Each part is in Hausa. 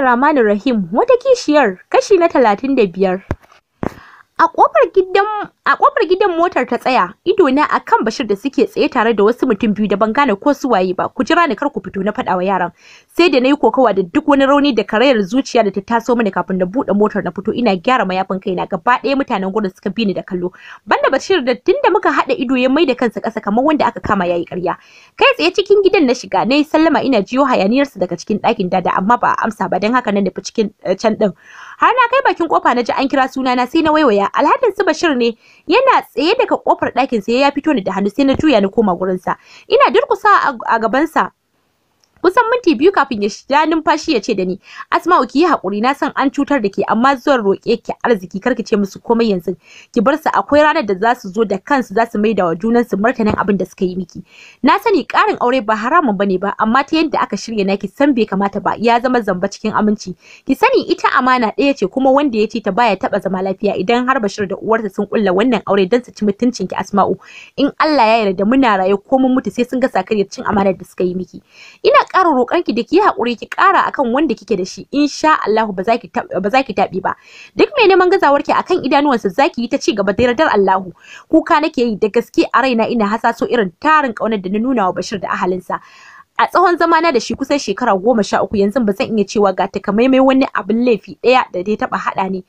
Bismillahir Rahmanir Rahim, wata kishiyar, kashi na talatin da biyar. A ƙofar gidan motar ta tsaya, ido na akan Bashir da suke tsaye tare da wasu mutum biyu da ban gane ko su waye ba. Ku jira ni kar ku fito na faɗa wa yaran. Sai da nayi kokawa da duk wani rauni da karayar zuciya da ta taso mini kafin na buɗe motar na fito ina gyara mayafin kaina gaba ɗaya mutanen gurin suka bi ni da kallo. Banda Bashir da tunda muka haɗa ido ya mai da kansa ƙasa kamar wanda aka kama yayi ƙarya. Kai tsaye cikin gidan na shiga nayi sallama ina jiyo hayaniyarsa daga cikin ɗakin dada amma ba a amsa ba dan haka na nufi cikin eh, can ɗin. har na kai bakin kofa na ji an kira suna na sai na waiwaya alhadin su bashir ne yana tsaye daga kofar ɗakin sai ya fito ni da hannu sai na juya na koma gurin sa ina durkusa a gabansa kusan minti biyu kafin ya shiga numfashi ya ce da ni asma'u ki yi hakuri na san an cutar da ke amma zuwan roƙe ki arziki kar ki ce musu komai yanzu ki bar su akwai ranar da za su zo da kansu za su da wa junan su martanin abin da suka yi miki na sani ƙarin aure ba haramun bane ba amma ta yadda aka shirya naki san bai kamata ba ya zama zamba cikin aminci ki sani ita amana ɗaya ce kuma wanda ya ce ta baya taɓa zama lafiya idan har Bashir da uwarta sun kulla wannan aure don su ci mutuncin ki Asma'u in Allah ya yarda muna raye ko mun mutu sai sun ga sakaryar cin amanar da suka yi miki ina ƙara roƙar ki da ki haƙuri ki ƙara akan wanda kike da shi insha Allah ba za ki ba za ki taɓi ba duk mai neman gazawar ki akan idanuwansa zaki yi ta ci gaba da yardar Allahu kuka nake yi da gaske a raina ina hasaso irin tarin ƙaunar da na nuna wa Bashir da ahalinsa a tsawon zamana da shi kusan shekara goma sha uku yanzu ba zan iya cewa ga takamaimai wani abin laifi ɗaya da dai taɓa haɗa ni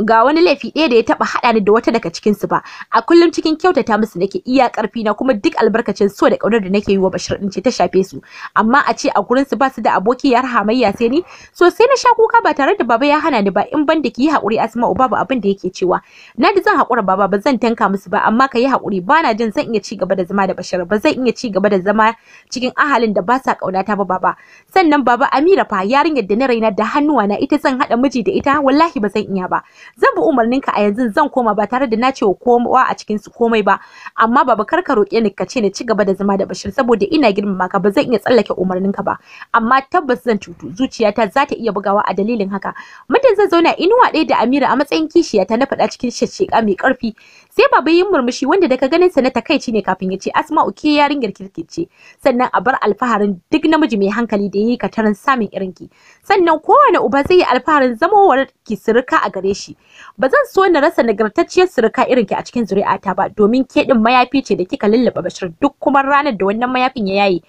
ga wani laifi ɗaya da ya taɓa haɗa ni da wata daga cikin su ba a kullum cikin kyautata musu nake iya ƙarfi na kuma duk albarkacin so da ƙaunar da nake yi wa Bashir ɗin ce ta shafe su amma a ce a gurin su ba su da aboki yar hamayya sai ni so sai na sha kuka ba tare da baba ya hana ni ba in ban da ki yi haƙuri Asma'u babu abin da yake cewa na da zan haƙura baba ba zan tanka musu ba amma ka yi haƙuri bana jin zan iya ci gaba da zama da Bashir ba zan iya ci gaba da zama cikin ahalin da ba sa ƙaunata ba baba sannan baba Amira fa yarinyar da na raina da hannuwa na ita zan haɗa miji da ita wallahi ba zan iya ba zan bi umarnin ka a yanzu zan koma ba tare da na ce wa kowa a cikin komai ba amma baba kar ka roƙe ni ka ce ni ci gaba da zama da Bashir saboda ina girmama ka ba zan iya tsallake umarnin ka ba amma tabbas zan cutu zuciyata za ta iya bugawa a dalilin haka muddin zan zauna inuwa ɗaya da Amira a matsayin kishiyata na faɗa cikin shashsheka mai ƙarfi sai baba yin murmushi wanda daga ganin sa na takaici ne kafin ya ce asma uke yarinyar kirkirce sannan a bar alfaharin duk namiji mai hankali da yayi katarin samun irin ki sannan kowane uba zai yi alfaharin zamowar ki surka a gare shi ba zan so na rasa nagartacciyar suruka irin ki a cikin zuri'ata ba domin ke din mayafi ce da kika lullaba bashir duk kuma ranar da wannan mayafin ya yayi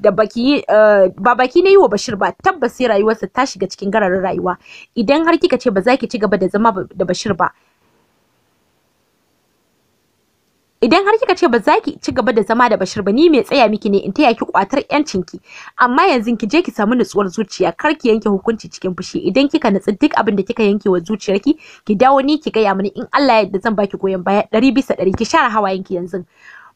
da baki eh, ba baki na yi wa Bashir ba tabbas sai rayuwarsa ta shiga cikin gararin rayuwa idan har kika ce ba za ki ci gaba da zama da Bashir ba idan har kika ce ba za ki ci gaba da zama da Bashir ba ni mai tsaya miki ne in taya ki kwatar yancin ki amma yanzu ki je ki samu nutsuwar zuciya kar ki yanke hukunci cikin fushi idan kika nutsu duk abin da kika yanke wa zuciyar ki dawo ni ki gaya mini in Allah ya yarda zan baki goyon baya ɗari bisa ɗari ki share hawayen ki yanzu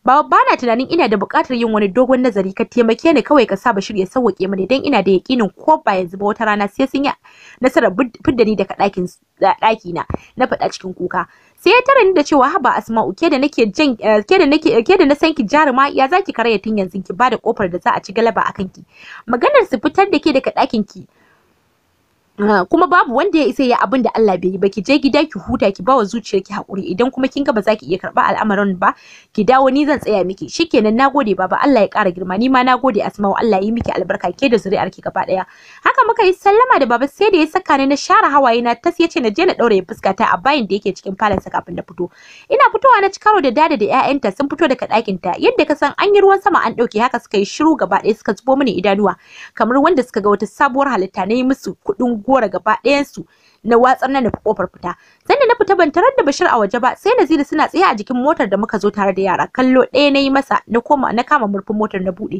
ba bana tunanin ina da buƙatar yin wani dogon nazari ka taimake ni kawai ka sa Bashir ya sauke mini dan ina da yakinin ko ba yanzu ba wata rana sai sun yi nasarar fidda ni daga ɗakin ɗaki na na faɗa cikin kuka sai ya tarani da cewa haba asma'u ke da nake jin eh, ke da nake eh, ke da na san ki jaruma ya zaki karaya tun yanzu ki bada kofar da za a ci galaba akan ki maganar su fitar da ke daga ɗakin ki Ah, kuma babu wanda ya isa ya abin da Allah bai yi ba ki je gida ki huta ki bawa zuciyar ki hakuri idan kuma kin ga ba za ki iya karba al'amarin ba ki dawo ni zan tsaya miki shikenan nagode baba Allah ya kara girma ni ma nagode Asma'u Allah ya yi miki albarka ke da zuri'ar ki gaba daya haka muka yi sallama da baba sai da ya saka ni na share hawaye na tas yace na je na daure fuska ta a bayin da yake cikin palace kafin na fito ina fitowa na ci karo da dada da ƴaƴanta sun fito daga ɗakin ta yadda ka san an yi ruwan sama an dauke haka suka yi shiru gaba daya suka zubo mini idanuwa kamar wanda suka ga wata sabuwar halitta na yi musu kuɗin gora gaba ɗayansu na watsar na nufi kofar fita sai da na fita ban tarar da Bashir a waje ba sai Naziru suna tsaye a jikin motar da muka zo tare da yara kallo ɗaya na yi masa na koma na kama murfin motar na buɗe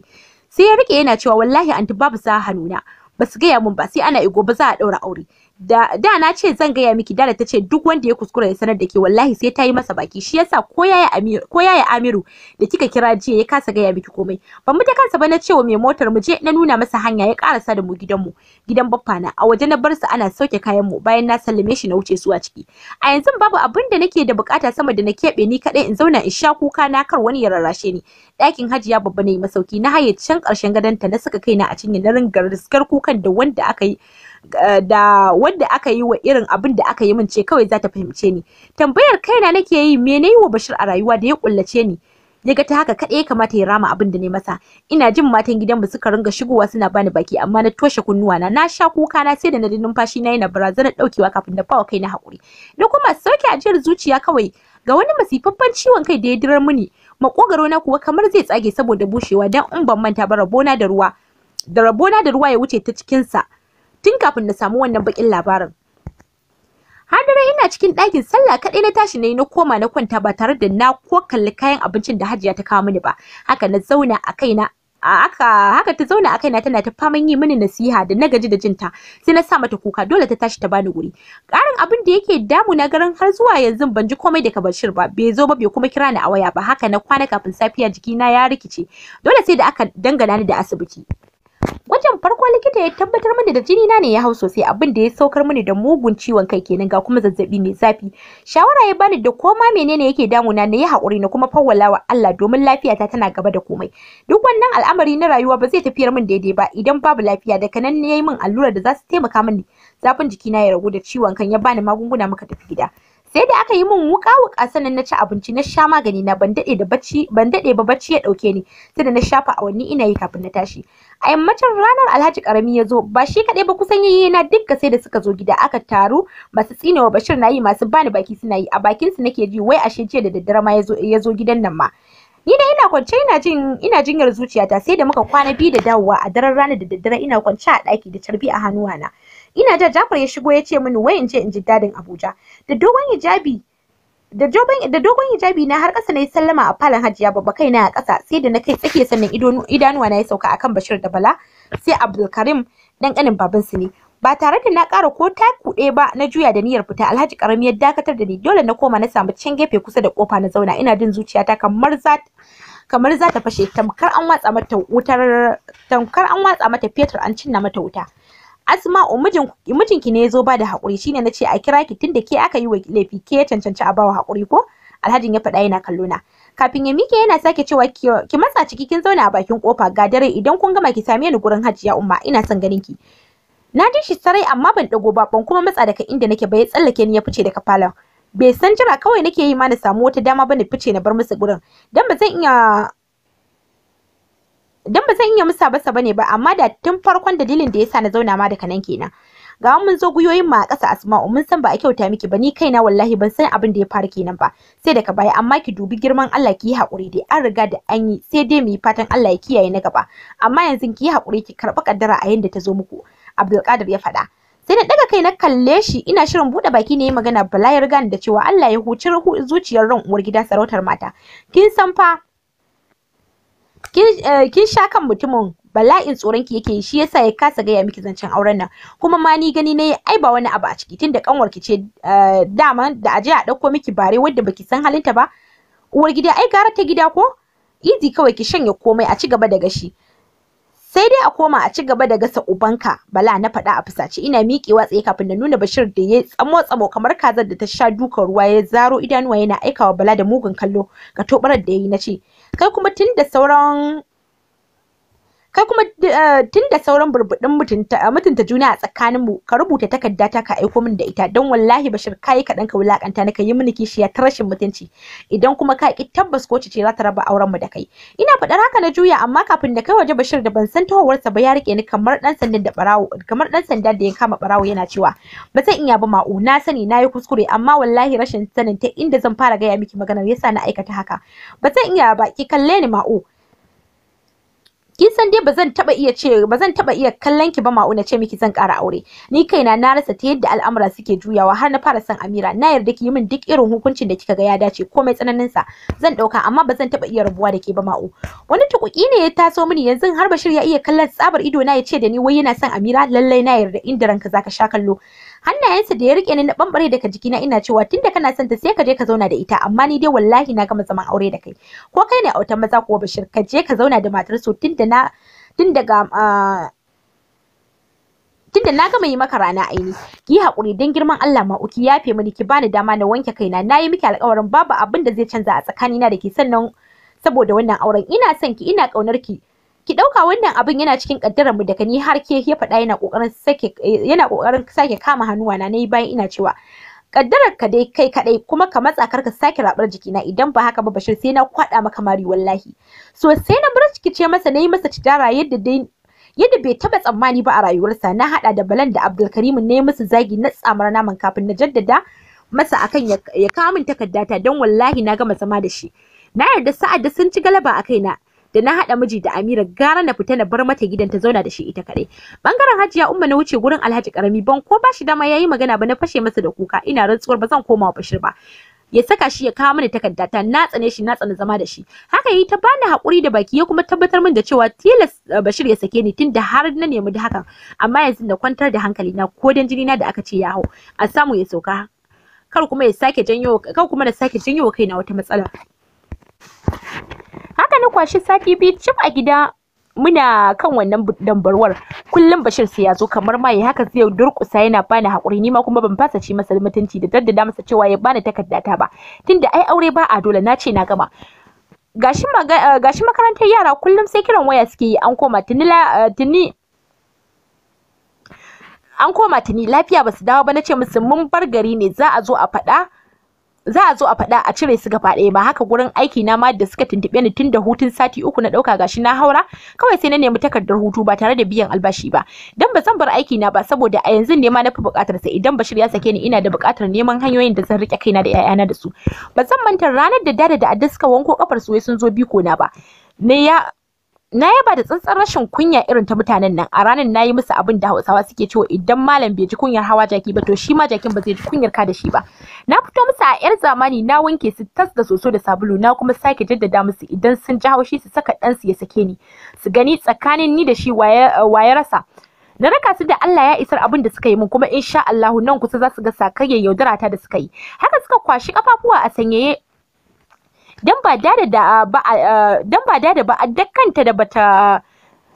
sai ya rike yana cewa wallahi anti babu sa hannuna ba su gaya mun ba sai ana igo ba za a ɗaura aure da da na ce zan gaya miki da ta ce duk wanda ya kuskura ya sanar da ke wallahi sai ta yi masa baki shi yasa ko yaya amiru ko yaya amiru da kika kira jiya ya kasa gaya miki komai ban mu ta kansa ba na ce wa mai motar mu je na nuna masa hanya ya karasa da mu gidan mu gidan baffa na a waje na bar su ana sauke kayan mu bayan na sallame shi na wuce zuwa ciki a yanzu babu abin da nake da bukata sama da na keɓe ni kadai, in zauna in sha kuka na kar wani ya rarrashe ni dakin hajiya babba na yi masauki na haye can ƙarshen gadonta na saka kaina a cinye na ringa riskar kukan da wanda aka yi Eh, da wadda aka yi wa irin abin da aka yi min ce kawai za ta fahimce ni tambayar kaina nake yi me na yi wa bashir a rayuwa da ya kullace ni ya ga ta haka kaɗai ya kamata ya rama abin da ne masa ina jin matan gidan mu suka ringa shigowa suna bani baki amma na toshe kunnuwa na na sha kuka na sai da na numfashi na yana barazanar daukewa kafin na bawa kaina hakuri na kuma sauke ajiyar zuciya kawai ga wani masifafan ciwon kai da ya dirar mini makogaro na kuwa kamar zai tsage saboda bushewa dan in ban manta ba rabona da ruwa da rabona da ruwa ya wuce ta cikin sa tun kafin na samu wannan bakin labarin har dare ina cikin ɗakin sallah kaɗai na tashi na yi na koma na kwanta ba tare da na ko kalli kayan abincin da hajiya ta kawo mini ba haka na zauna a kaina aka haka ta zauna a kaina tana ta faman yi mini nasiha da na gaji da jinta sai na sa mata kuka dole ta tashi ta bani guri karin abin da yake damu na garin har zuwa yanzu ban ji komai daga Bashir ba bai zo ba bai kuma kira ni a waya ba haka na kwana kafin safiya jikina ya rikice dole sai da aka dangana ni da asibiti wajen farko likita ya tabbatar mini da jini na ne ya hau sosai abin da ya saukar mini da mugun ciwon kai kenan ga kuma zazzabi mai zafi shawara ya bani da koma menene yake damu na yi haƙuri na kuma fawwala wa Allah domin lafiyata tana gaba da komai duk wannan al'amari na rayuwa ba zai tafiyar min daidai ba idan babu lafiya da kanan ne yayi min allura da za su taimaka mini zafin jiki na ya ragu da ciwon kan ya bani magunguna muka tafi gida sai da aka yi min wuka wuka sanan na ci abinci na sha magani na ban dade da bacci ban dade ba bacci ya dauke ni sai da na shafa awanni ina yi kafin na tashi a yammacin ranar Alhaji Karami ya zo ba shi kadai ba kusan yayi na dukka sai da suka zo gida aka taru masu tsinewa Bashir na yi masu bani baki suna yi a bakin su nake ji wai ashe jiya da daddare ma yazo zo gidan nan ma ni da ina kwance ina jin ina jinyar zuciyata sai da muka kwana biyu da dawowa a daren ranar da daddare ina kwance a ɗaki da carbi a hannuwana ina ja Jafar ya shigo ya ce mini wai in je in ji dadin Abuja da dogon hijabi da dogon hijabi na har kasa na yi sallama a falon hajiya babba kai na a kasa sai da na kai tsakiya sannan idanuwa na yi sauka akan Bashir da Bala sai abdul karim dan kanin baban su ne ba tare da na kara ko taku ɗaya ba na juya da niyyar fita Alhaji Karami ya dakatar da ni dole na koma na samu can gefe kusa da kofa na zauna ina jin zuciyata kamar za kamar za ta fashe tamkar an watsa mata wutar tamkar an watsa mata fetur an cinna mata wuta asma'u oh, mijin mijinki ne ya zo ba da haƙuri shine nace a kira ki tunda ke aka yi wa laifi ke ya cancanci a bawa haƙuri ko alhajin ya faɗa yana kallo na kafin ya mike yana sake cewa ki matsa ciki kin zauna a bakin kofa ga dare idan kun gama ki same ni gurin hajiya umma ina son ganin ki na ji shi sarai amma ban dago ba ban kuma matsa daga inda nake ba tsallake ni ya fice daga falon bai san jira kawai nake yi ma na samu wata dama ba na fice na bar musu gurin dan ba zan iya dan ba zan iya musa ba sa bane ba amma da tun farkon dalilin da yasa na zauna ma da kanan kenan ga mun zo guyoyin ma a ƙasa asma'u mun san ba a kyauta miki ba ni kaina wallahi ban san abin da ya faru kenan ba sai daga baya amma ki dubi girman Allah ki yi haƙuri dai an riga da an yi sai dai mu yi fatan Allah ya kiyaye na gaba amma yanzu ki yi haƙuri ki karba kaddara a yanda ta zo muku Abdulkadir ya faɗa sai na daga kai na kalle shi ina shirin buɗe baki ne magana bala ya riga da cewa Allah ya huci zuciyar ran uwar gida sarautar mata kin san fa Eh, kin sha kan mutumin bala'in tsoronki ki yake shi yasa ya kasa gaya miki zancen auren nan kuma ma ni gani ne ai ba wani abu a ciki tunda kanwar ki ce eh, dama da aje a ɗauko miki bare wanda baki san halinta ba uwar gida ai gara ta gida ko izi kawai ki shanya komai a ci gaba da gashi sai dai a koma a ci gaba da gasa ubanka bala na faɗa a fusace ina miƙewa tsaye kafin na nuna bashir da ya tsamo tsamo kamar kazar da ta sha dukan ruwa ya zaro idanuwa yana aikawa bala da mugun kallo ga tobarar da ya yi na ce kai kuma tun da sauran kai kuma eh, tunda sauran burbuɗin mutunta eh, juna a tsakanin mu ka rubuta takarda ta ka aiko min da ita don wallahi bashir kai kaɗan ka wulakanta na ka yi mini kishiya ta rashin mutunci idan kuma ka ki tabbas ko ce za ta raba auren mu da kai ina faɗar haka na juya amma kafin da kai waje bashir da ban san sa ba ya rike ni kamar dan sandan da barawo kamar dan sanda da ya kama barawo yana cewa ba zan iya ba ma'u na sani na yi kuskure amma wallahi rashin sanin ta inda zan fara gaya miki maganar yasa na aikata haka ba zan iya ba ki kalle ni ma'u kin san dai bazan taba iya ce bazan taba iya kallon ki ba ma'auna ce miki zan ƙara aure ni kaina na rasa ta yadda al'amura suke juyawa har na fara son Amira na yarda ki yi min duk irin hukuncin da kika ga ya dace komai tsananin sa zan dauka amma bazan taba iya rabuwa da ke ba ma'u wani tukuki ne ya taso mini yanzu har Bashir ya iya kallon tsabar ido na ya ce da ni wai yana son Amira lallai na yarda inda ranka zaka sha kallo hannayensa da ya rike ni na bambare daga jikina ina cewa tunda kana son ta sai ka je ka zauna da ita amma ni dai wallahi na gama zaman aure da kai ko kai ne autan maza ko Bashir ka je ka zauna da matar so tunda na tun daga tunda na gama yi maka rana aini ki hakuri dan girman Allah ma uki yafe mini ki bani dama na wanke kaina nayi miki alƙawarin babu abin da zai canza a tsakanina da ke sannan saboda wannan auren ina son ki ina kaunar ki ki dauka wannan abin yana cikin kaddarar mu daga ni har ke ya faɗa yana kokarin sake yana kokarin sake kama hannuwa na nayi bayan ina cewa kaddarar ka dai kai kadai kuma ka matsa kar ka sake rabar jikina idan ba haka ba Bashir sai na kwada maka mari wallahi so sai na bar ce masa nayi masa tijara yadda dai yadda bai taba tsammani ba a rayuwarsa na hada da Balan da Abdulkarim ne musu zagi na tsamar naman kafin na jaddada masa akan ya kawo min takaddata don wallahi na gama zama da shi na yarda sa'ad da sun ci galaba a kaina da na haɗa miji da Amira gara na fita na bar mata gidan ta zauna da shi ita kaɗai. Bangaren Hajiya Umma na wuce gurin Alhaji Karami ban ko ba shi dama yayi magana ba na fashe masa da kuka ina rantsuwar ba zan koma Bashir ba. ya saka shi ya kawo mini takarda ta na tsane shi na tsane zama da shi haka yi ta bani hakuri da baki ya kuma tabbatar min da cewa tilas eh, Bashir ya sake ni tunda har na nemi da hakan amma yanzu na kwantar da hankali na ko dan jini na da aka ce ya hau a samu ya sauka kar kuma ya sake janyo kar kuma na sake janyo kaina wata matsala haka na kwashi sati biyu cif a gida muna kan wannan dambarwar kullum bashir sai ya zo kamar ma ya haka zai durkusa yana bani haƙuri ni ma kuma ban fasa ci masa mutunci da daddada masa cewa ya bani takarda ta ba tunda ai aure ba a dole na ce na gama gashi eh, gashi makarantar yara kullum sai kiran waya suke yi an koma tuni eh, tuni an koma tuni lafiya basu dawo ba nace musu mun bar gari ne za a zo a faɗa za a zo a faɗa a cire su gaba ɗaya ba haka gurin aiki na ma da suka tuntuɓe ni tun da hutun sati uku na ɗauka gashi na haura kawai sai na nemi takardar hutu ba tare da biyan albashi ba dan ba zan bar aiki na ba saboda a yanzu ne ma na fi buƙatar sa idan Bashir ya sake ni ina da buƙatar neman hanyoyin da zan rike kaina da 'ya'yana da su ba zan manta ranar da dada da adda suka wanko kafar su sun zo biko na ba ne ya na yaba da tsantsar rashin kunya irin ta mutanen nan a ranar na yi musu abin da hausawa suke cewa idan malam bai ji kunyar hawa jaki ba to shi ma jakin ba zai ji kunyar ka da shi ba na fito musu a yar zamani na wanke su tas da soso da sabulu na kuma sake jaddada musu idan sun ji haushi su saka dan su ya sake ni su gani tsakanin ni da shi waye rasa na raka su da Allah ya isar abin da suka yi min kuma insha Allah nan kusa za su ga sakayyar yaudara ta da suka yi haka suka kwashi kafafuwa a sanyaye dan ba dada da ba dan ba dada ba kanta da bata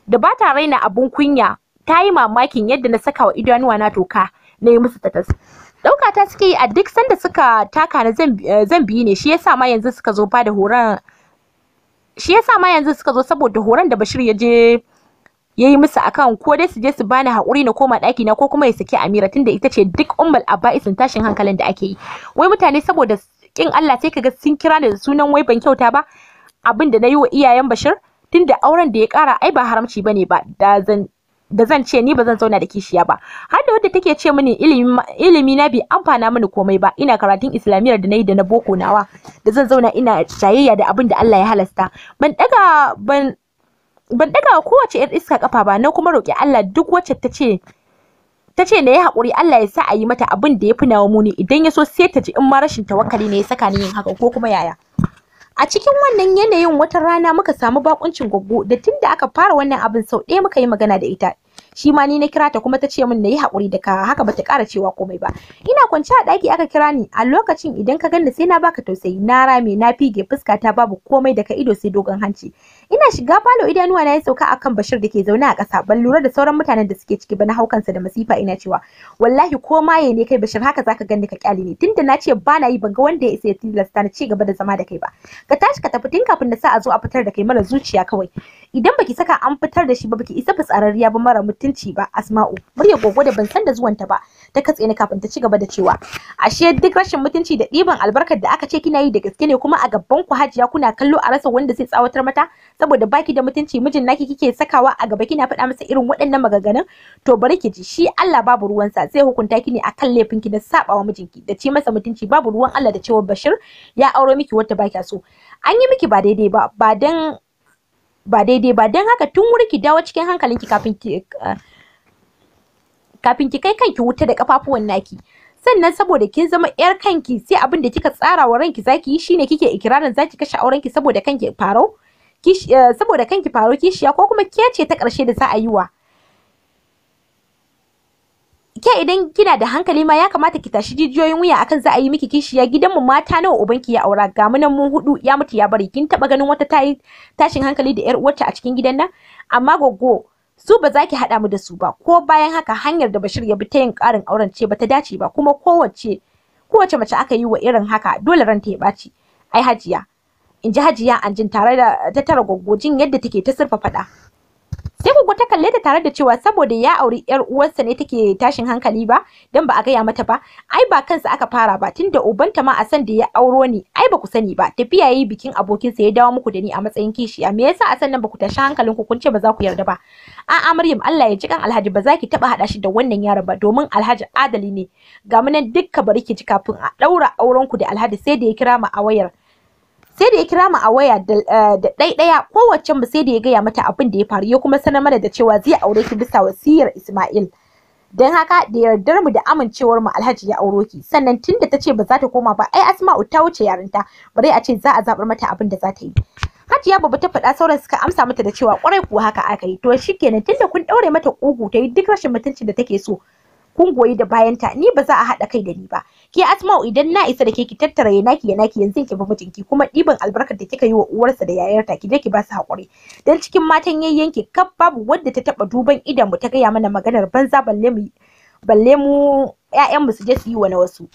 da bata raina abun kunya tayi mamakin yadda na saka wa idanuwa na toka na yi musu tatas dauka ta suke yi a duk sanda suka taka na zan eh, biyi ne shi yasa ma yanzu suka zo ba da horon shi yasa ma yanzu suka zo saboda horon da Bashir ya je yayi musu akan ko dai su je su bani hakuri na koma ɗaki na ko kuma ya saki Amira tunda ita ce duk ummul aba'isin tashin hankalin da ake yi wai mutane saboda kin Allah sai kaga sun kira ni da sunan wai ban kyauta ba abin da na wa iyayen Bashir tunda auren da ya kara ai ba haramci bane ba da zan da zan ce ni ba zan zauna da kishiya ba har da wanda take ce mini ilimi na bi amfana mini komai ba ina karatun islamiyyar da nayi da na boko nawa da zan zauna ina jayayya da abin da Allah ya halasta ban daga ban ban daga kowace yar iska kafa ba na kuma roƙi Allah duk wacce ta ce ta ce na yi haƙuri Allah ya sa a yi mata abin da ya fi nawa muni idan ya so sai ta ji in ma rashin tawakkali ne ya saka ni yin haka ko kuma yaya a cikin wannan yanayin wata rana muka samu bakuncin goggo da tun da aka fara wannan abin sau ɗaya muka yi magana da ita shi ma ni na kira ta kuma ta ce min na yi haƙuri da ka haka bata kara cewa komai ba ina kwance a ɗaki aka kira ni a lokacin idan ka ganni sai na baka tausayi na rame na fige fuska ta babu komai daga ido sai dogon hanci ina shiga falo idanuwa na ya sauka akan Bashir da ke zaune a ƙasa ban lura da sauran mutanen da suke ciki ba na haukansa da masifa ina cewa wallahi ko maye ne kai Bashir haka zaka ganni ka kyale ne tunda na ce ba na yi ban ga wanda ya isa ya tilasta na ci gaba da zama da kai ba ka tashi ka tafi tun kafin na sa a zo a fitar da kai mara zuciya kawai idan baki saka an fitar da shi ba baki isa fitsararriya ba mara mutunci ba Asma'u murya gogo da ban san da zuwanta ba ta katse ni kafin ta ci gaba da cewa ashe duk rashin mutunci da ɗiban albarkar da aka ce kina yi da gaske ne kuma a gaban ku hajiya kuna kallo a rasa wanda zai tsawatar mata saboda baki da mutunci mijin naki kike sakawa a gaba kina faɗa masa irin waɗannan maganganun to bari ki ji shi Allah babu ruwan ruwansa zai hukunta ki ne akan laifin ki da sabawa mijinki da ci masa mutunci babu ruwan Allah da cewa Bashir ya auro miki wata baki so an yi miki ba daidai ba ba dan ba daidai ba dan haka tun wuri ki dawo cikin hankalinki kafin ki eh, kafin ki kai kanki wuta da kafafuwan naki sannan saboda kin zama yar kanki sai abin da kika tsara wa ranki zaki yi shine kike ikirarin zaki kashe aurenki saboda kanki farau Eh, saboda kanki faro kishiya ko kuma ke ce ta karshe da za a yi wa ke idan kina da hankali ma ya kamata ki tashi jijiyoyin wuya akan za a yi miki kishiya gidan mu mata nawa ubanki ya aura ga mu mun hudu ya mutu ya bari kin taba ganin wata tayi tashin hankali da yar uwarta a cikin gidan nan amma goggo su ba za ki hada mu da su ba ko bayan haka hanyar da Bashir ya bi ta yin karin auren ce ba ta dace ba kuma kowace kowace mace aka yi wa irin haka dole ranta ya baci ai hajiya in ji hajiya anjin tare da ta gwaggojin yadda take ta surfa faɗa sai gwaggo ta kalle ta tare da cewa saboda ya auri yar uwarsa ne take tashin hankali ba dan ba a gaya mata ba ai ba kansa aka fara ba tunda ubanta ma a san da ya auro ni ai ba ku sani ba tafiya yi bikin abokin sa ya dawo muku da ni a matsayin kishiya me yasa a san nan ba ku tashi hankalin ku kun ce ba za ku yarda ba a'a Maryam Allah ya ji kan Alhaji ba za ki taba hada shi da wannan yaron ba domin Alhaji adali ne ga munan dukka bari ki ji kafin a daura auren ku da Alhaji sai da ya kira mu a wayar sai da ya kira mu a waya da eh, ɗaiɗaya kowace mu sai da ya gaya mata abin da ya faru ya kuma sanar mana da cewa zai aure ki bisa wasiyar Ismail don haka da yardar mu da amincewar mu Alhaji ya auro ki sannan tunda ta ce ba za ta koma ba ai Asma'u ta wuce yarinta bare a ce za a zabar mata abin da za ta yi Hajiya babu ta faɗa sauran suka amsa mata da cewa kwarai kuwa haka aka yi to shikenan tunda kun daure mata kugu ta yi duk rashin mutuncin da take so kun goyi da bayanta ni ba za a haɗa kai da ni ba Ki Asma'u idan na isa da ke ki tattara yana ki yana ki, yanzu ki bi mijinki kuma ɗiban albarkar da kika yi wa uwarsa da yayarta ki je ki ba su haƙuri. Dan cikin matan yayyanki kaf babu wadda ta taba duban idan mu ta gaya mana maganar banza balle mu balle mu mu su je su yi wa na wasu.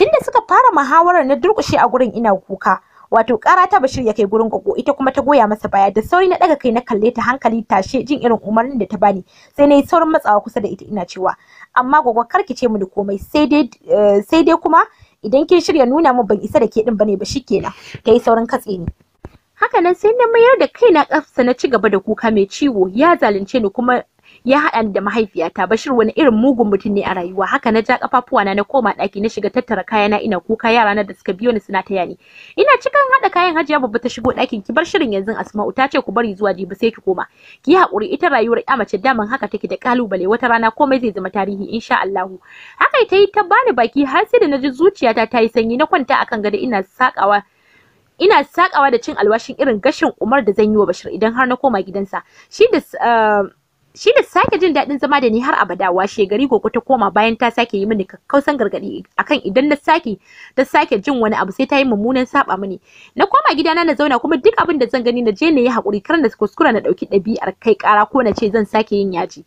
Tunda suka fara muhawarar na durƙushe a gurin ina kuka. wato ƙara ta bashir ya kai gurin gogo ita kuma ta goya masa baya da sauri na daga kai na kalle ta hankali tashe jin irin umarnin da ta bani sai na yi saurin matsawa kusa da ita ina cewa amma gogo kar ki ce mini komai sai dai eh, sai dai kuma idan kin shirya nuna min ban isa da ke din bane ba shikenan kai saurin katse ni haka nan sai na mayar da kaina kafsa na ci gaba da kuka mai ciwo ya zalunce ni kuma ya haɗa ni da mahaifiyata Bashir wani irin mugun mutum ne a rayuwa haka na ja kafafuwa na na koma ɗaki na shiga tattara kaya na ina kuka yara na da suka biyo ni suna taya ni ina cikin haɗa kayan Hajiya babba ta shigo ɗakin ki bar shirin yanzu Asma'u ta ce ku bari zuwa jibi sai ki koma ki yi haƙuri ita rayuwar ƴa mace daman haka take da kalubale wata rana komai zai zama tarihi insha Allah haka ta yi ta bani baki har sai da naji zuciyata ta yi sanyi na kwanta akan gado ina sakawa ina sakawa da cin alwashin irin gashin Umar da zan yi wa Bashir idan har na koma gidansa shi da eh, shi da sake jin daɗin zama da ni har abada washe gari gogo ta koma bayan ta sake yi mini kakkausan gargaɗi akan idan na sake ta sake jin wani abu sai ta yi mummunan saba mini na koma gidana na zauna kuma duk abin da zan gani na je na yi haƙuri kar na kuskura na ɗauki ɗabi'ar kai kara ko na ce zan sake yin yaji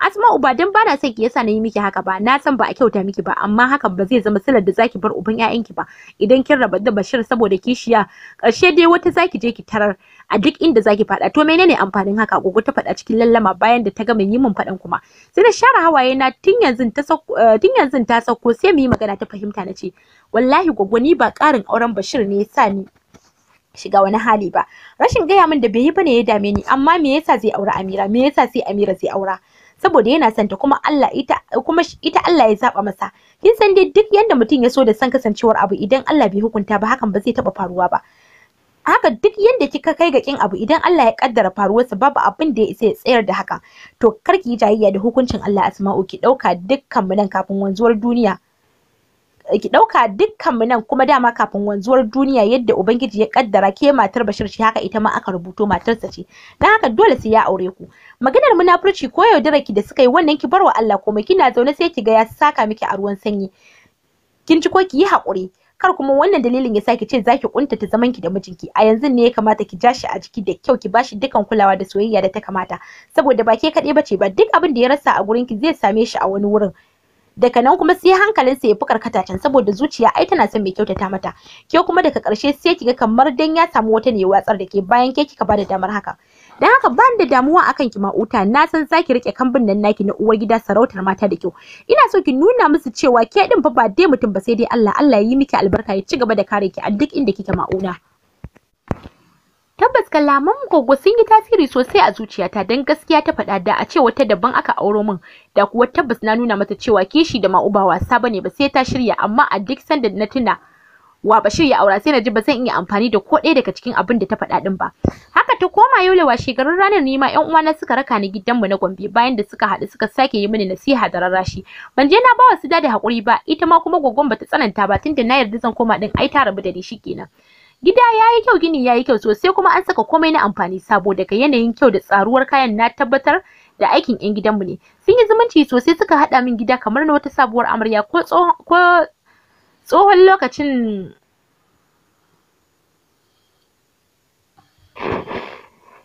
asma uba dan bana son ki yasa nayi miki haka ba na san ba a kyauta miki ba amma hakan ba zai zama silar da zaki bar uban ki ba idan kin raba da Bashir saboda kishiya ƙarshe dai wata zaki je ki tarar a duk inda zaki fada to menene amfanin haka gogo ta faɗa cikin lallama bayan da ta gama yi mun faɗan kuma sai na share hawaye na tun yanzu ta eh, tun yanzu ta sauko sai mu yi magana ta fahimta na ce wallahi gogo ni ba karin auren Bashir ne yasa ni shiga wani hali ba rashin gaya min da bai yi bane ya dame ni amma me yasa zai aura Amira me yasa sai Amira zai aura saboda yana santa kuma Allah ita kuma ita Allah ya zaba masa kin san dai duk yanda mutum ya so da san kasancewar abu idan Allah bai hukunta ba hakan ba zai taba faruwa ba haka duk yanda kika kai ga kin abu idan Allah ya kaddara faruwarsa babu abin da ya isa ya tsayar da hakan to karki jayayya da hukuncin Allah asma'u ki dauka dukkan mu nan kafin wanzuwar duniya ki ɗauka dukkan mu nan kuma dama kafin wanzuwar duniya yadda ubangiji ya kaddara ke matar Bashir shi haka ita ma aka rubuto matarsa ce dan haka dole sai ya aure ku maganar munafurci ko ki da suka yi wannan ki barwa Allah komai kina zaune sai ki ga ya saka miki a ruwan sanyi kin ci ko ki yi hakuri kar kuma wannan dalilin ya saki ce zaki kuntata zaman ki da mijinki a yanzu ne ya kamata ki jashi a jiki da kyau ki bashi dukan kulawa da soyayya da ta kamata saboda ba ke kaɗai bace ba duk abin da ya rasa a gurin ki zai same shi a wani wurin daga nan kuma sai hankalin sa ya fi karkata can saboda zuciya ai tana son mai kyautata mata ke kuma daga karshe sai kiga kamar dan ya samu wata ne watsar da ke bayan ke kika bada damar haka dan haka bani da damuwa akan ki ma'uta na san zaki rike kambin nan naki na uwar gida sarautar mata da kyau ina so ki nuna musu cewa ke din fa ba dai mutum ba sai dai Allah Allah ya yi miki albarka ya ci gaba da kare ki a duk inda kike ma'una tabbas kalaman gogo sun yi tasiri sosai a zuciyata dan gaskiya ta faɗa da a ce wata daban aka auro min da kuwa tabbas na nuna mata cewa kishi da ma'uba wasa bane ba sai ta shirya amma a duk sanda na tuna wa ba shirya aura sai na ji ba zan iya amfani da ko ɗaya daga cikin abin da ta faɗa din ba. Haka ta koma yau shekarun ranar nima yan uwana suka raka ni gidan gidanmu na Gombe bayan da suka haɗu suka sake yi mini nasiha da rarrashi. Ban je na bawa su da haƙuri ba ita ma kuma gogon bata tsananta ba tunda na yarda zan koma din ai ta rabu da ni kenan Gida ya yi kyau gini ya yi kyau sosai kuma an saka komai na amfani sabo daga yanayin kyau da tsaruwar kayan na tabbatar da aikin 'yan gidanmu ne. Sun yi zumunci sosai suka haɗa min gida kamar na wata sabuwar amarya ko tsohon lokacin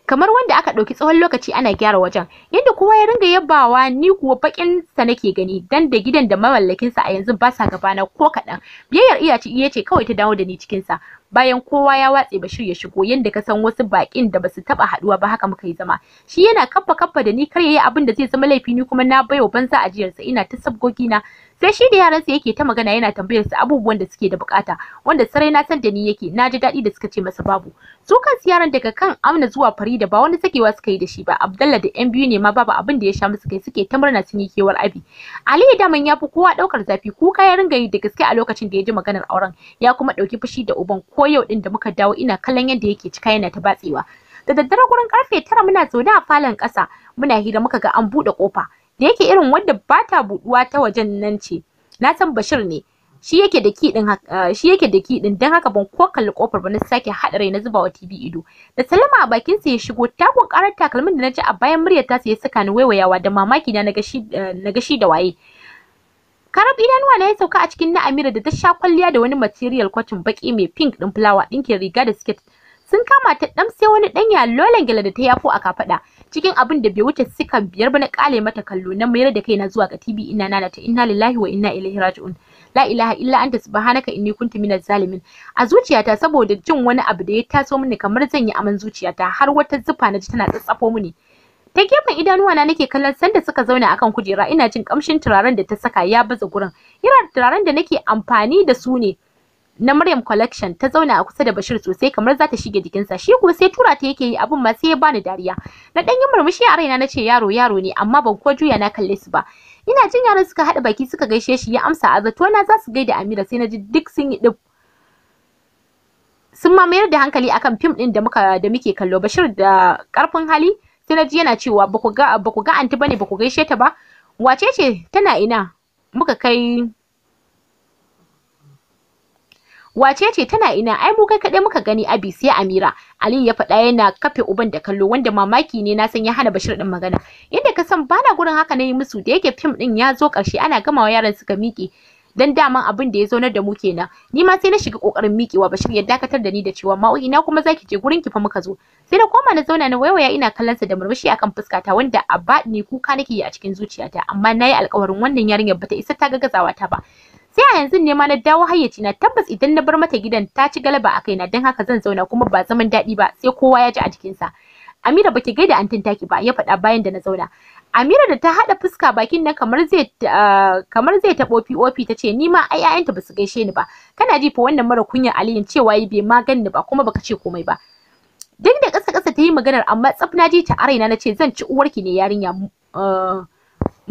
kamar wanda aka ɗauki tsawon lokaci ana gyara wajen yadda kowa ya ringa yabawa ni kuwa bakin sa nake gani dan da gidan da mamallakin sa a yanzu ba sa gabana ko kaɗan biyayyar iya ce iya ce kawai ta dawo da ni cikin sa bayan kowa ya watse Bashir ya shigo yadda ka san wasu bakin da basu taɓa haɗuwa ba haka muka yi zama shi yana kaffa kaffa da ni kar yayi abin da zai zama laifi ni kuma na baiwa banza ajiyarsa. ina ta sabgogi na sai shi da yaransa yake ta magana yana tambayar su abubuwan da suke da bukata wanda sarai na san da ni yake na ji daɗi da suka ce masa babu su kansu yaran daga kan amna zuwa farida ba wani sakewa suka yi da shi ba abdallah da yan biyu ne ma babu abin da ya sha musu kai suke ta murna sun yi kewar abi aliyu daman ya fi kowa ɗaukar zafi kuka ya ringa yi da gaske a lokacin da ya ji maganar auren ya kuma ɗauki fushi da uban ko yau ɗin da muka dawo ina kallon yadda yake cika yana ta batsewa da daddare gurin karfe tara muna zaune a falon ƙasa muna hira muka ga an buɗe ƙofa da yake irin wadda ba ta buɗuwa ta wajen nan ce na san Bashir ne shi yake da kiɗin ah, don dan haka ban ko kalli kofar ba na sake haɗa rai na zuba wa TV ido da salama a bakin sa ya shigo takon karar takalmin da na ji a bayan muryar ta ya saka ni waiwayawa da mamaki na naga shi eh, naga da waye karab idanuwa na ya sauka a cikin na Amira da ta sha kwalliya da wani material cotton baki mai pink din flower dinkin riga da skirt sun kama ta dam wani dan lolan gele da ta yafo a kafaɗa. cikin abin da bai wuce sukan biyar ba na kale mata kallo na mayar da kaina zuwa ga TV ina nana ta inna lillahi wa inna ilaihi raji'un la ilaha illa anta subhanaka inni kuntu minaz zalimin a zuciyata saboda jin wani abu da ya taso mini kamar zan yi aman zuciyata har wata zufa na ji tana tsatsafo mini ta gefen idanuwa na nake kallon sanda suka zauna akan kujera ina jin kamshin turaren da ta saka ya baza gurin irin turaren da nake amfani da su ne na Maryam collection ta zauna a kusa da Bashir sosai kamar za ta shige jikinsa shi kuma sai tura ta yake yi abin ma sai ya bani dariya na dan yi murmushi a raina nace yaro yaro ne amma ban ko juya na kalle su ba ina jin yaran suka haɗa baki suka gaishe shi ya amsa a zato na za su gaida Amira sai na ji duk sun yi dub sun ma mayar da hankali akan fim din da muka da muke kallo Bashir da karfin hali sai na ji yana cewa baku ga ku ga anti bane ku gaishe ta ba wace ce tana ina muka kai wace ce tana ina ai mu kai kaɗai muka gani abi sai amira aliyu ya faɗa yana kafe uban da kallo wanda mamaki ne na san ya hana bashir din magana inda ka san bana gurin haka na yi musu da yake fim din ya zo ƙarshe ana gamawa yaran suka miƙe dan daman abin da ya zaunar da mu kenan ni ma sai na shiga kokarin miƙewa bashir ya dakatar da ni da cewa ma ina kuma zaki je gurin ki fa muka zo sai na koma na zauna na waiwaya ina kallon sa da murmushi akan fuskata wanda a ne kuka nake yi a cikin zuciyata amma nayi alƙawarin wannan yarinyar ta isa ta ga gazawa ta ba sai a yanzu ne ma na dawo hayyaci na tabbas idan na bar mata gidan ta ci galaba a kaina don haka zan zauna kuma ba zaman daɗi ba sai kowa ya ji a jikinsa Amira baki gaida antin taki ba ya faɗa bayan da na zauna Amira da ta haɗa fuska bakin nan kamar zai kamar zai POP ta ce ni ma ai ƴaƴanta basu gaishe ni ba kana ji fa wannan mara kunya Aliyin cewa yi bai ni ba kuma baka ce komai ba duk da ƙasa ƙasa ta yi maganar amma tsaf na ji ta araina na ce zan ci uwarki ne yarinya mu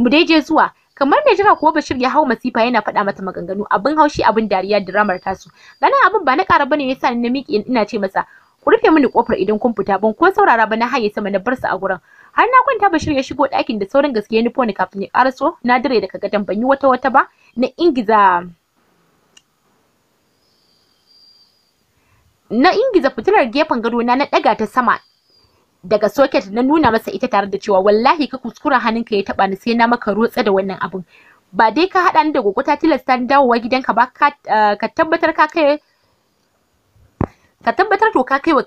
eh, dai je zuwa kamar ne jira ko Bashir ya hau masifa yana faɗa mata maganganu abin haushi abin dariya diramar tasu ganin abin ba na ƙara bane yasa ni na miƙe ina ce masa ku rufe mini kofar idan kun fita ban ko saurara ba na haye sama na bar su a gurin har na kwanta Bashir ya shigo ɗakin da sauran gaske ya nufo ni kafin ya ƙaraso na dire daga gadon ban yi wata wata ba na ingiza na ingiza fitilar gefen gado na na ɗaga ta sama daga soket na nuna masa ita tare da cewa wallahi ka kuskura hannunka ya taba ni sai na maka rotsa da wannan abun ba dai ka haɗa ni da gogota tilasta ni dawowa gidanka ba ka eh, tabbatar ka kai ka tabbatar to ka kai wa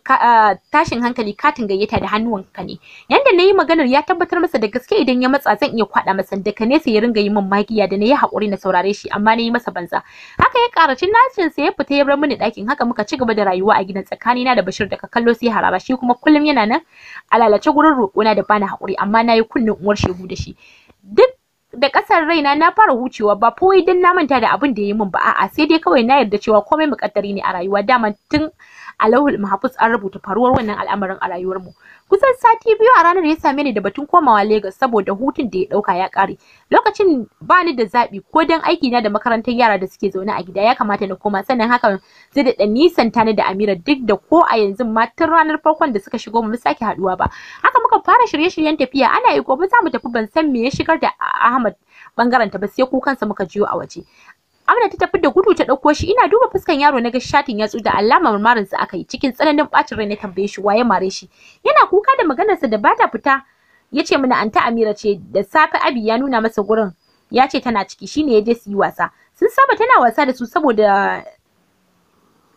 tashin hankali katin gayyata da hannuwanka ne yanda nayi maganar ya tabbatar masa da gaske idan ya matsa zan iya kwada masa daga nesa ya ringa yi min magiya da nayi hakuri na saurare shi amma nayi masa banza haka ya karaci nashin sa ya fita ya bar mini dakin haka muka ci gaba da rayuwa a gidan tsakanina da Bashir ka kallo sai harara shi kuma kullum yana nan alalace gurin gurin roƙona da bani hakuri amma nayi kunnen uwar shegu da shi duk da kasar raina na fara hucewa ba fa wai dan na manta da abin da ya yi min ba a'a sai dai kawai na yarda cewa komai muƙaddari ne a rayuwa dama tun a lauhul mahafuz an rubuta faruwar wannan al'amarin a rayuwar mu kusan sati biyu a ranar ya same ni da batun komawa Lagos saboda hutun da ya dauka ya kare lokacin ba ni da zabi ko dan aiki na da makarantar yara da suke zaune a gida ya kamata na koma sannan haka zai da nisan tani da Amira duk da ko a yanzu ma tun ranar farkon da suka shigo mu sake haduwa ba haka muka fara shirye-shiryen tafiya ana yi gobe za mu tafi ban san me ya shigar da Ahmad bangaren ba sai kukansa muka jiyo a waje Amina ta tafi da gudu ta ɗauko shi ina duba fuskan yaro na ga shatin yatsu da alamar marmarin sa aka yi cikin tsananin bacin rai na tambaye shi waye mare shi yana kuka da maganarsa da bata fita yace mana anta Amira ce da safe Abi ya nuna masa gurin ya ce tana ciki shine ya je su yi wasa sun saba tana wasa da su saboda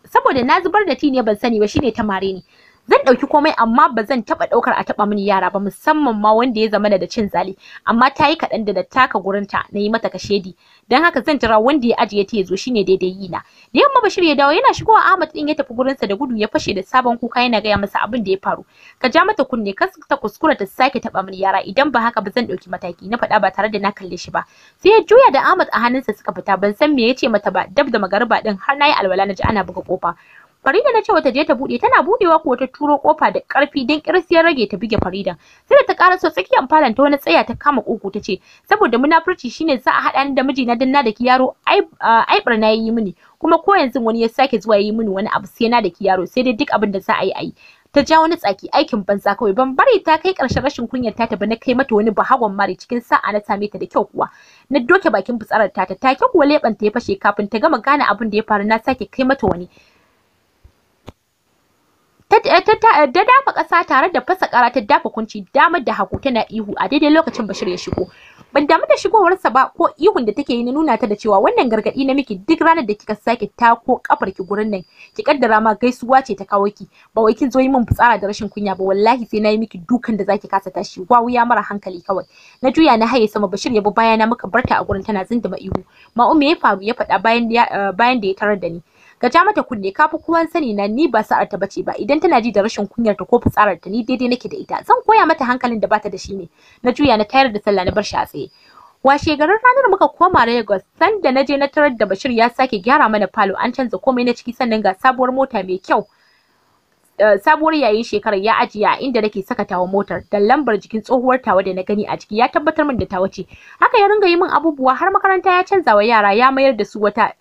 saboda na zubar da ti ne ban sani ba shine ta mare ni zan ɗauki komai amma ba zan taɓa ɗaukar a taɓa mini yara ba musamman ma wanda ya zamana da cin zali amma ta yi kaɗan da taka gurinta na yi mata kashedi don haka zan jira wanda ya ajiye ta ya zo shine daidai yi na da yamma Bashir ya dawo yana shigowa Ahmad din ya tafi gurinsa da gudu ya fashe da sabon kuka yana gaya masa abin da ya faru ka ja mata kunne kan ta kuskura ta sake taɓa mini yara idan ba haka ba zan ɗauki mataki na faɗa ba tare da na kalle shi ba sai ya juya da Ahmad a hannunsa suka fita ban san me ya ce mata ba dab da magariba din har na yi alwala na ji ana buga kofa Farida na ce wata je ta bude tana budewa ko ta turo kofa da karfi dan kirsiyar rage ta buge Farida. Sai da ta so tsakiyar falan ta wani tsaya ta kama koko ta ce saboda munafurci shine za a hada ni da mijina dan na da ki yaro ai barna ah, yayi mini kuma ko yanzu wani ya sake zuwa yayi mini wani abu sai na da ki yaro sai dai duk abin da za a yi ai ta ja wani tsaki aikin banza kawai ban bari ta kai karshen rashin kunyar ta ba na kai mata wani bahagon mari cikin sa'a na same ta da kyau kuwa na doke bakin fitsarar ta ta take kuwa leban ta ya fashe kafin ta gama gane abin da ya faru na sake kai mata wani ta eh, eh, dafa ƙasa tare da fasa ƙara ta dafa kunci damar da haku tana ihu a daidai lokacin bashir ya shigo ban damu da shigowarsa ba ko ihun da take yi na nuna ta da cewa wannan gargaɗi na miki duk ranar da kika sake ta ko kafar ki gurin nan ki kaddara ma gaisuwa ce ta kawo ki ba wai kin zo yi min fitsara da rashin kunya ba wallahi sai nayi miki dukan da zaki kasa tashi wawu ya mara hankali kawai na juya na haye sama bashir ya bi bayana muka barta a gurin tana zindima ihu ma me ya faru ya faɗa bayan eh, da ya tarar da ni ka ja mata kunne ka fi kowan sani na ni ba sa'ar ta bace ba idan tana ji da rashin kunyar ta ko fitsarar ta ni daidai nake da ita zan koya mata hankalin da bata da shi ne na juya na tayar da sallah na bar shi a tsaye washe garin ranar muka koma Lagos sanda na je na tarar da Bashir ya sake gyara mana falo an canza komai na ciki sannan ga sabuwar mota mai kyau eh, sabuwar yayin shekarar ya ajiye a inda nake sakatawa motar da lambar jikin tsohuwar tawa da na gani a ciki ya tabbatar min da tawa ce haka ya ringa yi min abubuwa har makaranta ya canza wa yara ya mayar da su wata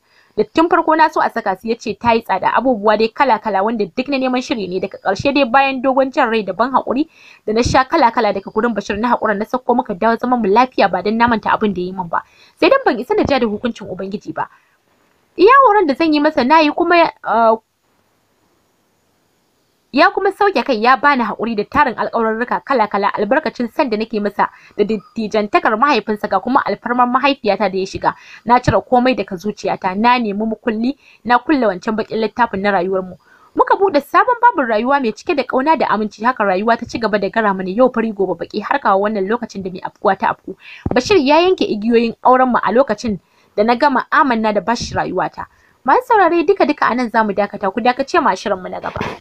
da tun farko na so a saka su yace ta yi tsada abubuwa dai kala kala wanda duk na neman shiri ne daga ƙarshe dai bayan dogon jan rai da ban haƙuri da na sha kala kala daga gurin Bashir na haƙuran na sako muka dawo zama mu lafiya ba dan namanta abin da yi min ba sai dan ban isa da ja da hukuncin ubangiji ba iya horon da zan yi masa nayi kuma eh, ya kuma sauke kai ya bani haƙuri da tarin alƙawarruka kala-kala albarkacin san da nake masa da dattijantakar mahaifinsa ga kuma alfarmar mahaifiyata da ya shiga na cire komai daga zuciyata na nemi mukulli na kulle wancan bakin littafin na rayuwarmu muka buɗe sabon babin rayuwa mai cike da kauna da aminci haka rayuwa ta ci gaba da gara mana yau fari gobe baki har kawo wannan lokacin da mai afkuwa ta afku bashir ya yanke igiyoyin auren mu a lokacin da na gama amanna da bashi rayuwata masu saurare duka duka anan zamu dakata ku dakace mu na gaba